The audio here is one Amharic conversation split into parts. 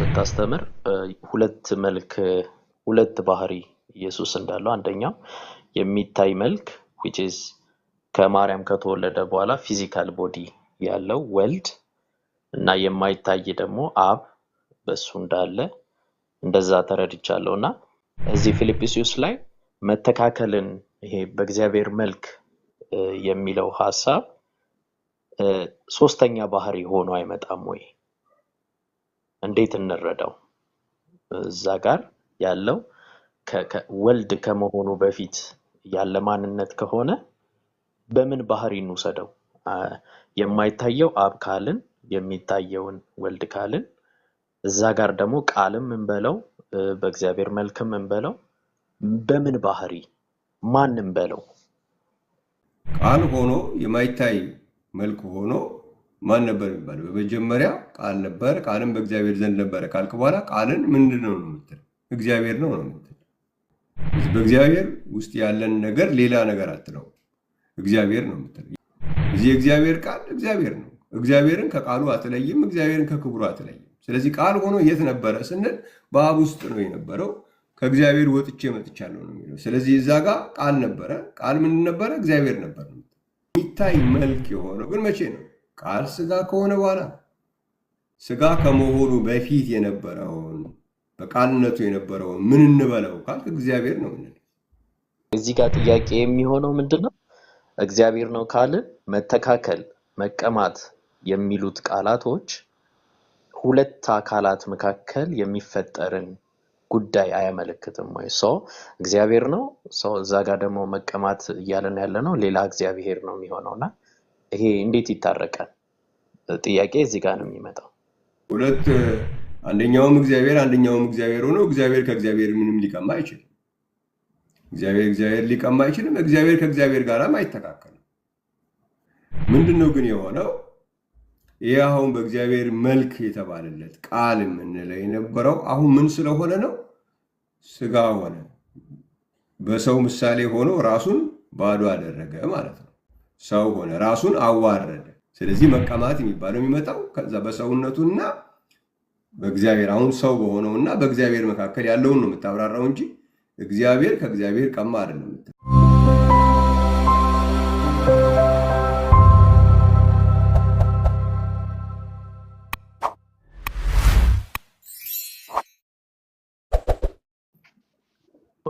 ስታስተምር ሁለት መልክ ሁለት ባህሪ ኢየሱስ እንዳለው አንደኛው የሚታይ መልክ ዊች ኢዝ ከማርያም ከተወለደ በኋላ ፊዚካል ቦዲ ያለው ወልድ እና የማይታይ ደግሞ አብ በሱ እንዳለ እንደዛ ተረድቻለሁ እና እዚህ ፊልጵስዩስ ላይ መተካከልን ይሄ በእግዚአብሔር መልክ የሚለው ሀሳብ ሶስተኛ ባህሪ ሆኖ አይመጣም ወይ? እንዴት እንረዳው? እዛ ጋር ያለው ወልድ ከመሆኑ በፊት ያለ ማንነት ከሆነ በምን ባህሪ እንውሰደው? የማይታየው አብ ካልን የሚታየውን ወልድ ካልን እዛ ጋር ደግሞ ቃልም እንበለው በእግዚአብሔር መልክም እንበለው በምን ባህሪ ማን እንበለው? ቃል ሆኖ የማይታይ መልክ ሆኖ ማን ነበር የሚባለው? በመጀመሪያ ቃል ነበረ፣ ቃልም በእግዚአብሔር ዘንድ ነበረ ካልክ በኋላ ቃልን ምንድን ነው ነው እግዚአብሔር ነው ነው ምትል። በእግዚአብሔር ውስጥ ያለን ነገር ሌላ ነገር አትለው፣ እግዚአብሔር ነው ምትል። እዚህ የእግዚአብሔር ቃል እግዚአብሔር ነው። እግዚአብሔርን ከቃሉ አትለይም፣ እግዚአብሔርን ከክብሩ አትለይም። ስለዚህ ቃል ሆኖ የት ነበረ ስንል በአብ ውስጥ ነው የነበረው። ከእግዚአብሔር ወጥቼ መጥቻለሁ ነው የሚለው። ስለዚህ እዛ ጋር ቃል ነበረ። ቃል ምን ነበረ? እግዚአብሔር ነበር። የሚታይ መልክ የሆነው ግን መቼ ነው? ቃል ስጋ ከሆነ በኋላ ስጋ ከመሆኑ በፊት የነበረውን በቃልነቱ የነበረውን ምን እንበለው ካል እግዚአብሔር ነው። እዚህ ጋር ጥያቄ የሚሆነው ምንድን ነው? እግዚአብሔር ነው ካልን መተካከል፣ መቀማት የሚሉት ቃላቶች ሁለት አካላት መካከል የሚፈጠርን ጉዳይ አያመለክትም ወይ? ሰው እግዚአብሔር ነው ሰው፣ እዛ ጋር ደግሞ መቀማት እያለን ያለ ነው ሌላ እግዚአብሔር ነው የሚሆነውና ይሄ እንዴት ይታረቃል? ጥያቄ እዚህ ጋር ነው የሚመጣው። ሁለት አንደኛውም እግዚአብሔር አንደኛውም እግዚአብሔር ሆኖ እግዚአብሔር ከእግዚአብሔር ምንም ሊቀማ አይችልም። እግዚአብሔር እግዚአብሔር ሊቀማ አይችልም። እግዚአብሔር ከእግዚአብሔር ጋርም አይተካከልም። ምንድን ነው ግን የሆነው? ይህ አሁን በእግዚአብሔር መልክ የተባለለት ቃል የምንለው የነበረው አሁን ምን ስለሆነ ነው? ስጋ ሆነ፣ በሰው ምሳሌ ሆኖ ራሱን ባዶ አደረገ ማለት ነው። ሰው ሆነ፣ ራሱን አዋረደ። ስለዚህ መቀማት የሚባለው የሚመጣው ከዛ በሰውነቱና በእግዚአብሔር አሁን ሰው በሆነውና በእግዚአብሔር መካከል ያለውን ነው የምታብራራው እንጂ እግዚአብሔር ከእግዚአብሔር ቀማ አይደለም።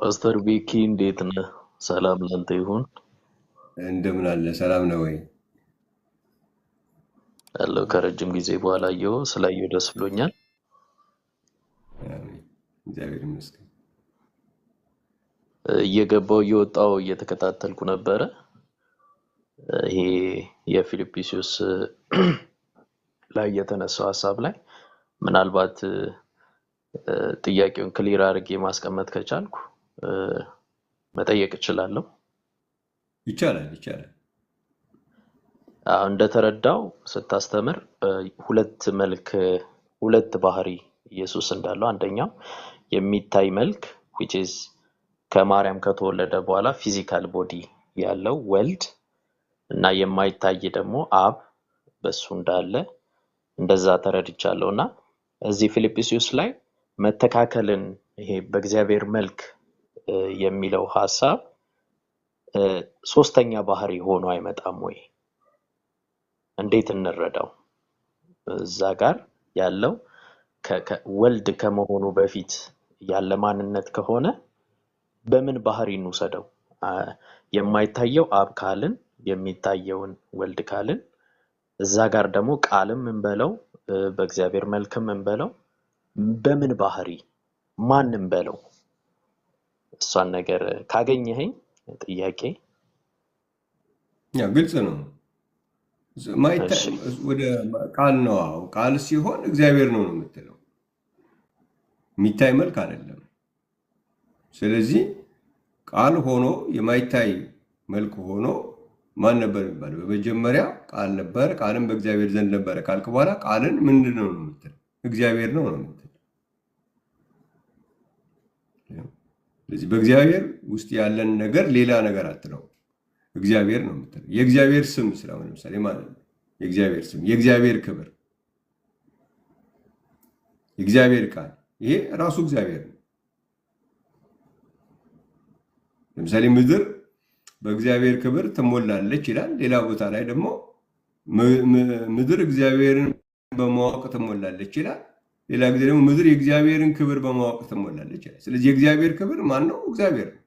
ፓስተር ቢኪ እንዴት ነህ? ሰላም ላንተ ይሁን። እንደምን አለ? ሰላም ነው ወይ? አለው ከረጅም ጊዜ በኋላ የው ስላየው ደስ ብሎኛል። እግዚአብሔር ይመስገን። እየገባው እየወጣው እየተከታተልኩ ነበረ። ይሄ የፊልጵስዩስ ላይ የተነሳው ሀሳብ ላይ ምናልባት ጥያቄውን ክሊር አድርጌ ማስቀመጥ ከቻልኩ መጠየቅ እችላለሁ። ይቻላል ይቻላል። እንደተረዳው ስታስተምር ሁለት መልክ ሁለት ባህሪ ኢየሱስ እንዳለው አንደኛው የሚታይ መልክ ከማርያም ከተወለደ በኋላ ፊዚካል ቦዲ ያለው ወልድ እና የማይታይ ደግሞ አብ በሱ እንዳለ እንደዛ ተረድቻለሁ። እና እዚህ ፊልጵስዩስ ላይ መተካከልን ይሄ በእግዚአብሔር መልክ የሚለው ሀሳብ ሶስተኛ ባህሪ ሆኖ አይመጣም ወይ? እንዴት እንረዳው? እዛ ጋር ያለው ወልድ ከመሆኑ በፊት ያለ ማንነት ከሆነ በምን ባህሪ እንውሰደው? የማይታየው አብ ካልን የሚታየውን ወልድ ካልን እዛ ጋር ደግሞ ቃልም እንበለው በእግዚአብሔር መልክም እንበለው በምን ባህሪ ማን እንበለው? እሷን ነገር ካገኘኸኝ ጥያቄ ግልጽ ነው። ወደ ቃል ነው። ቃል ሲሆን እግዚአብሔር ነው ነው የምትለው የሚታይ መልክ አይደለም። ስለዚህ ቃል ሆኖ የማይታይ መልክ ሆኖ ማን ነበር የሚባለው? በመጀመሪያ ቃል ነበረ፣ ቃልም በእግዚአብሔር ዘንድ ነበረ ካልክ በኋላ ቃልን ምንድን ነው ነው የምትለው? እግዚአብሔር ነው ነው ስለዚህ በእግዚአብሔር ውስጥ ያለን ነገር ሌላ ነገር አትለው፣ እግዚአብሔር ነው የምትለው። የእግዚአብሔር ስም ስለሆነ ለምሳሌ ማለት ነው። የእግዚአብሔር ስም፣ የእግዚአብሔር ክብር፣ የእግዚአብሔር ቃል፣ ይሄ ራሱ እግዚአብሔር ነው። ለምሳሌ ምድር በእግዚአብሔር ክብር ትሞላለች ይላል። ሌላ ቦታ ላይ ደግሞ ምድር እግዚአብሔርን በማወቅ ትሞላለች ይላል። ሌላ ጊዜ ደግሞ ምድር የእግዚአብሔርን ክብር በማወቅ ትሞላለች። ስለዚህ የእግዚአብሔር ክብር ማን ነው? እግዚአብሔር ነው።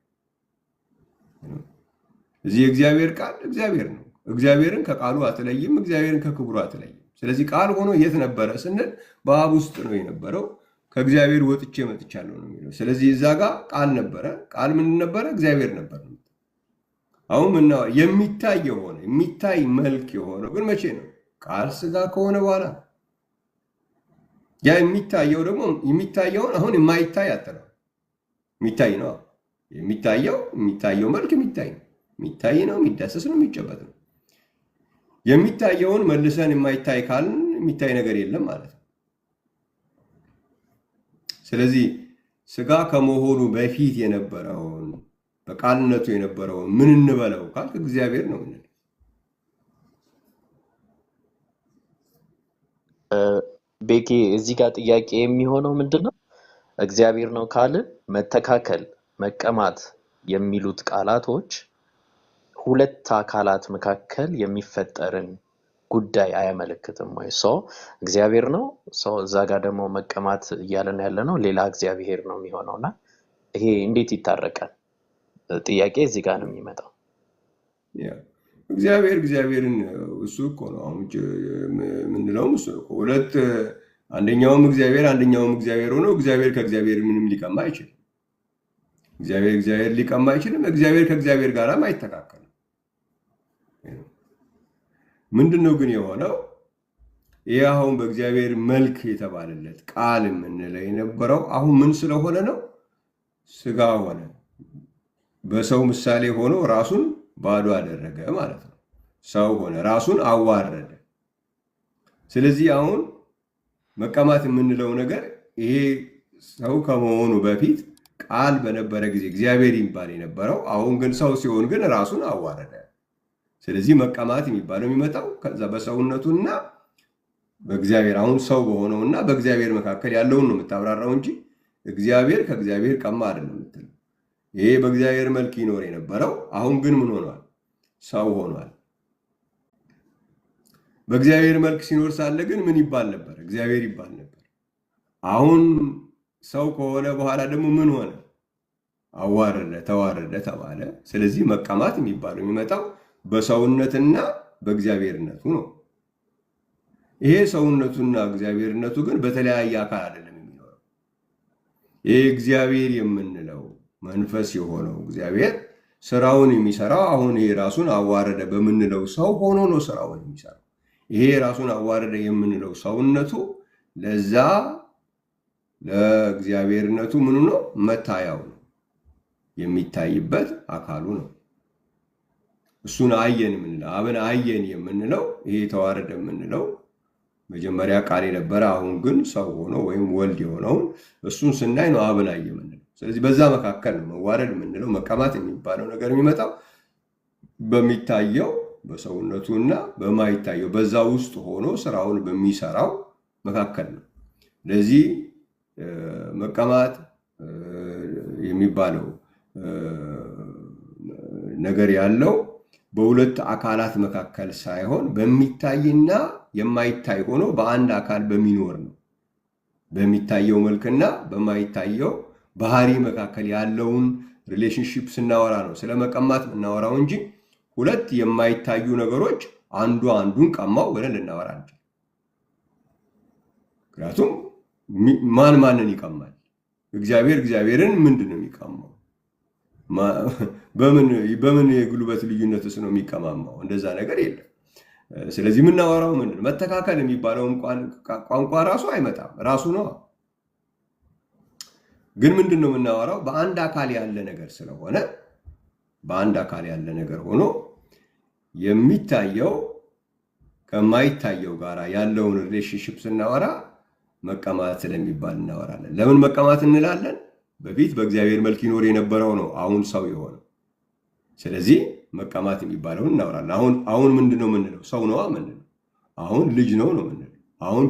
እዚህ የእግዚአብሔር ቃል እግዚአብሔር ነው። እግዚአብሔርን ከቃሉ አትለይም፣ እግዚአብሔርን ከክብሩ አትለይም። ስለዚህ ቃል ሆኖ የት ነበረ ስንል በአብ ውስጥ ነው የነበረው። ከእግዚአብሔር ወጥቼ መጥቻለሁ ነው የሚለው። ስለዚህ እዛ ጋር ቃል ነበረ። ቃል ምን ነበረ? እግዚአብሔር ነበር። አሁን ምና የሚታይ የሆነ የሚታይ መልክ የሆነው ግን መቼ ነው? ቃል ስጋ ከሆነ በኋላ ያ የሚታየው ደግሞ የሚታየውን አሁን የማይታይ አጥነው የሚታይ ነው። የሚታየው የሚታየው መልክ የሚታይ ነው። የሚታይ ነው፣ የሚዳሰስ ነው፣ የሚጨበጥ ነው። የሚታየውን መልሰን የማይታይ ካልን የሚታይ ነገር የለም ማለት ነው። ስለዚህ ስጋ ከመሆኑ በፊት የነበረውን በቃልነቱ የነበረውን ምን እንበለው ካልክ እግዚአብሔር ነው። ቤኪ እዚህ ጋር ጥያቄ የሚሆነው ምንድነው? እግዚአብሔር ነው ካልን መተካከል፣ መቀማት የሚሉት ቃላቶች ሁለት አካላት መካከል የሚፈጠርን ጉዳይ አያመለክትም ወይ? ሰው እግዚአብሔር ነው ሰው እዛ ጋር ደግሞ መቀማት እያለን ያለ ነው ሌላ እግዚአብሔር ነው የሚሆነው እና ይሄ እንዴት ይታረቃል? ጥያቄ እዚህ ጋር ነው የሚመጣው። እግዚአብሔር እግዚአብሔርን እሱ እኮ ነው አሁን የምንለውም እሱ ነው። ሁለት አንደኛውም እግዚአብሔር አንደኛውም እግዚአብሔር ሆኖ እግዚአብሔር ከእግዚአብሔር ምንም ሊቀማ አይችልም። እግዚአብሔር እግዚአብሔር ሊቀማ አይችልም። እግዚአብሔር ከእግዚአብሔር ጋርም አይተካከልም። ምንድን ነው ግን የሆነው? ይህ አሁን በእግዚአብሔር መልክ የተባለለት ቃል የምንለው የነበረው አሁን ምን ስለሆነ ነው? ስጋ ሆነ፣ በሰው ምሳሌ ሆኖ ራሱን ባዶ አደረገ ማለት ነው። ሰው ሆነ፣ ራሱን አዋረደ። ስለዚህ አሁን መቀማት የምንለው ነገር ይሄ ሰው ከመሆኑ በፊት ቃል በነበረ ጊዜ እግዚአብሔር ይባል የነበረው አሁን ግን ሰው ሲሆን ግን ራሱን አዋረደ። ስለዚህ መቀማት የሚባለው የሚመጣው ከዛ በሰውነቱና በእግዚአብሔር አሁን ሰው በሆነውና በእግዚአብሔር መካከል ያለውን ነው የምታብራራው እንጂ እግዚአብሔር ከእግዚአብሔር ቀማ አይደለም የምትለው ይሄ በእግዚአብሔር መልክ ይኖር የነበረው አሁን ግን ምን ሆኗል? ሰው ሆኗል። በእግዚአብሔር መልክ ሲኖር ሳለ ግን ምን ይባል ነበር? እግዚአብሔር ይባል ነበር። አሁን ሰው ከሆነ በኋላ ደግሞ ምን ሆነ? አዋረደ፣ ተዋረደ ተባለ። ስለዚህ መቀማት የሚባለው የሚመጣው በሰውነትና በእግዚአብሔርነቱ ነው። ይሄ ሰውነቱና እግዚአብሔርነቱ ግን በተለያየ አካል አይደለም የሚኖረው። ይሄ እግዚአብሔር የምን መንፈስ የሆነው እግዚአብሔር ስራውን የሚሰራው አሁን ይሄ ራሱን አዋረደ በምንለው ሰው ሆኖ ነው ስራውን የሚሰራው። ይሄ ራሱን አዋረደ የምንለው ሰውነቱ ለዛ ለእግዚአብሔርነቱ ምኑ ነው? መታያው ነው፣ የሚታይበት አካሉ ነው። እሱን አየን የምንለው አብን አየን የምንለው ይሄ ተዋረደ የምንለው መጀመሪያ ቃል የነበረ አሁን ግን ሰው ሆኖ ወይም ወልድ የሆነውን እሱን ስናይ ነው አብን አየ ስለዚህ በዛ መካከል ነው መዋረድ የምንለው መቀማት የሚባለው ነገር የሚመጣው በሚታየው በሰውነቱ እና በማይታየው በዛ ውስጥ ሆኖ ስራውን በሚሰራው መካከል ነው። ለዚህ መቀማት የሚባለው ነገር ያለው በሁለት አካላት መካከል ሳይሆን በሚታይና የማይታይ ሆኖ በአንድ አካል በሚኖር ነው። በሚታየው መልክና በማይታየው ባህሪ መካከል ያለውን ሪሌሽንሽፕ ስናወራ ነው ስለ መቀማት የምናወራው እንጂ ሁለት የማይታዩ ነገሮች አንዱ አንዱን ቀማው ብለን ልናወራ አንችል። ምክንያቱም ማን ማንን ይቀማል? እግዚአብሔር እግዚአብሔርን ምንድን ነው የሚቀማው? በምን የጉልበት ልዩነትስ ነው የሚቀማማው? እንደዛ ነገር የለም። ስለዚህ የምናወራው ምንድን መተካከል የሚባለውን ቋንቋ ራሱ አይመጣም ራሱ ነው። ግን ምንድን ነው የምናወራው? በአንድ አካል ያለ ነገር ስለሆነ በአንድ አካል ያለ ነገር ሆኖ የሚታየው ከማይታየው ጋር ያለውን ሪሌሽንሽፕ ስናወራ መቀማት ስለሚባል እናወራለን። ለምን መቀማት እንላለን? በፊት በእግዚአብሔር መልክ ይኖር የነበረው ነው አሁን ሰው የሆነው። ስለዚህ መቀማት የሚባለውን እናወራለን። አሁን አሁን ምንድን ነው የምንለው? ሰው ነዋ ምንለው። አሁን ልጅ ነው ነው ምንለው። አሁን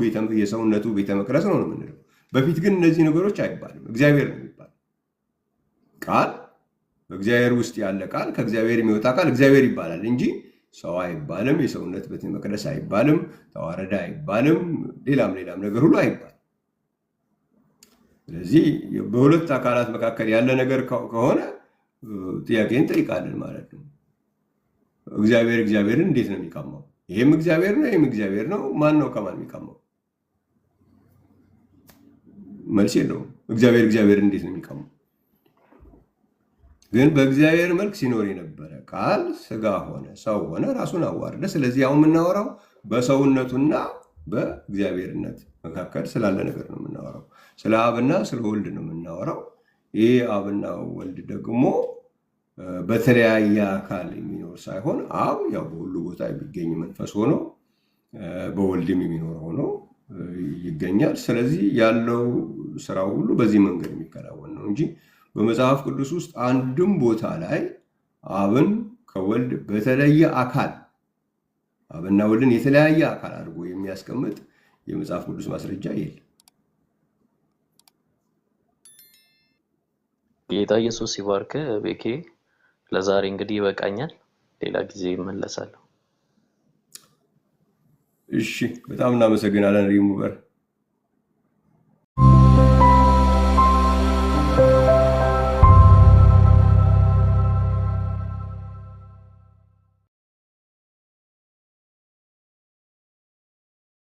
የሰውነቱ ቤተ መቅደስ ነው ነው ምንለው በፊት ግን እነዚህ ነገሮች አይባልም። እግዚአብሔር ነው የሚባለው። ቃል በእግዚአብሔር ውስጥ ያለ ቃል፣ ከእግዚአብሔር የሚወጣ ቃል እግዚአብሔር ይባላል እንጂ ሰው አይባልም። የሰውነት ቤተ መቅደስ አይባልም። ተዋረደ አይባልም። ሌላም ሌላም ነገር ሁሉ አይባልም። ስለዚህ በሁለት አካላት መካከል ያለ ነገር ከሆነ ጥያቄ እንጠይቃለን ማለት ነው። እግዚአብሔር እግዚአብሔርን እንዴት ነው የሚቀማው? ይህም እግዚአብሔር ነው፣ ይህም እግዚአብሔር ነው። ማን ነው ከማን የሚቀማው? መልስ የለውም። እግዚአብሔር እግዚአብሔር እንዴት ነው የሚቀሙ? ግን በእግዚአብሔር መልክ ሲኖር የነበረ ቃል ስጋ ሆነ፣ ሰው ሆነ፣ ራሱን አዋረደ። ስለዚህ ያው የምናወራው በሰውነቱና በእግዚአብሔርነት መካከል ስላለ ነገር ነው የምናወራው። ስለ አብና ስለ ወልድ ነው የምናወራው። ይህ አብና ወልድ ደግሞ በተለያየ አካል የሚኖር ሳይሆን አብ ያው በሁሉ ቦታ የሚገኝ መንፈስ ሆኖ በወልድም የሚኖር ሆኖ ይገኛል። ስለዚህ ያለው ስራ ሁሉ በዚህ መንገድ የሚከናወን ነው እንጂ በመጽሐፍ ቅዱስ ውስጥ አንድም ቦታ ላይ አብን ከወልድ በተለየ አካል አብና ወልድን የተለያየ አካል አድርጎ የሚያስቀምጥ የመጽሐፍ ቅዱስ ማስረጃ የለም። ጌታ ኢየሱስ ሲባርክ ቤኬ፣ ለዛሬ እንግዲህ ይበቃኛል። ሌላ ጊዜ ይመለሳለሁ። እሺ፣ በጣም እናመሰግናለን ሪሙበር